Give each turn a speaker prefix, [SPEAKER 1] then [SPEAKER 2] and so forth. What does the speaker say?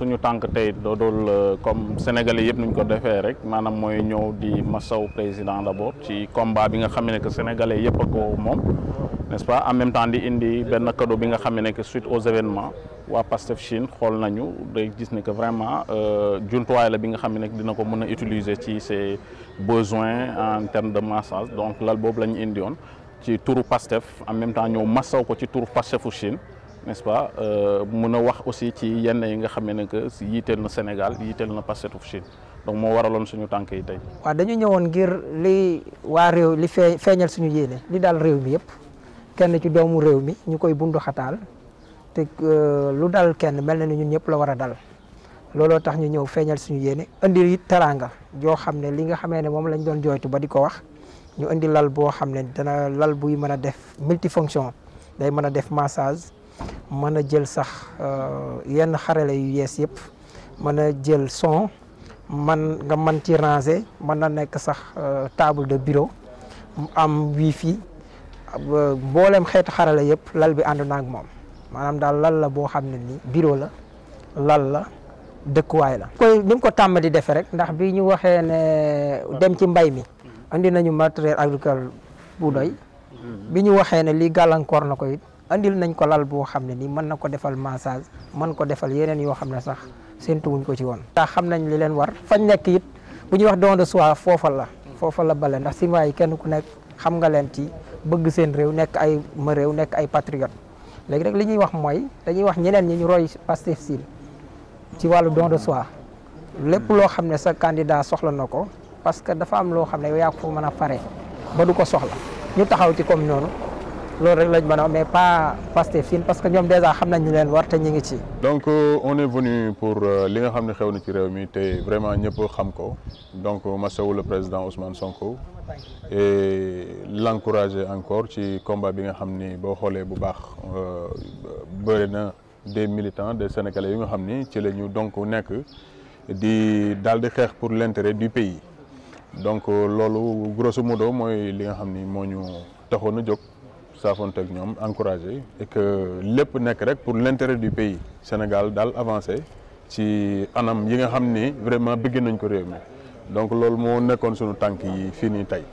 [SPEAKER 1] suñu tànk tey doodul euh, comme sénégalais yëpp nuñ ko defee rek maanaam mooy ñoow di masaw président d'abord ci combat bi nga xam ne que sénégalais yëpp ko moom n'est-ce pas en même temps di indi benn cadeau bi nga xam ne que suite aux événements waa Pastef Chine xool nañu day gis ne que vraiment euh, jumtuwaay la bi nga xam ne dina ko mën a utiliser ci ses besoins en termes de massage donc lal boobu la ñu indi woon ci turu Pastef en même temps ñëw masaw ko ci turu Pastefu Chine n'est-ce pas euh, mën a wax aussi ci yenn yi nga xam ne que yiiteel na Sénégal yiiteel na Pastef Chine donc moo waraloon suñu tànk yi tey.
[SPEAKER 2] waa dañu ñëwoon ngir li waa réew li fee feeñal suñu yéene li daal réew mi yëpp kenn ci doomu réew mi ñu koy bunduxataal xataal te euh, lu daal kenn mel na nu ñun ñëpp la war a dal looloo tax ñu ñëw feeñal suñu yéene indi it teraanga joo xam ne li nga xamee ne moom lañ doon jooytu ba di ko wax ñu indi lal boo xam ne dana lal buy mën a def multifonction day mën a def massage. mën a jël sax euh, yenn xarale yu yees yëpp mën a jël son man nga mën ci ranger mën na nekk sax euh, table de bureau am wifi mboolem xeetu xarale yëpp lal bi ànd naag moom maanaam daal lal la boo xam ne nii bureau la lal la dëkkuwaay la. koy ni ko tàmm di defee rek ndax bi ñu waxee ne dem ci mbay mi indi nañu matériel agricole bu doy mm-hmm. bi ñu waxee ne lii gàllankoor na ko andil nañ ko lal boo xam ne nii mën na ko defal massage mën ko defal yeneen yoo xam ne sax séentuwuñ ko ci woon. ndax xam nañ li leen war fañ nekk it bu ñuy wax don de soi foofa la foofa la bale ndax Sinois yi kenn ku nekk xam nga leen ci bëgg seen réew nekk ay ma réew nekk ay patriote léegi rek li ñuy wax mooy dañuy wax ñeneen ñi ñu roy Pastef Sine ci wàllu don de soi lépp loo xam ne sa candidat soxla na ko parce que dafa am loo xam ne yow yaa ko fa mën a fare ba ko soxla ñu taxaw ci comme noonu. loolu rek lañ mën a mais pas Pastef Sine parce que ñoom déjà xam nañ ñu leen war te ñu ngi ci.
[SPEAKER 3] donc euh, on est venu pour euh, li nga xam ne xew na ci réew mi te vraiment ñëpp xam ko donc masawu le président Ousmane Sonko e l'encourager encore ci combat bi nga xam ni boo xoolee bu baax euh, bëri na des militants des sénégalais yu nga xam ni ci la ñu donc nekk di daal di xeex pour l'intérêt du pays donc loolu grosso modo mooy li nga xam ni moo ñu taxoon a jóg. saafoonte ak ñoom encouragé e que lépp nekk rek pour l'intérêt du pays Sénégal daal avancé ci anam yi nga xam ni vraiment bëgg nañ ko réew mi donc loolu moo nekkoon sunu tànk yi fii nii tey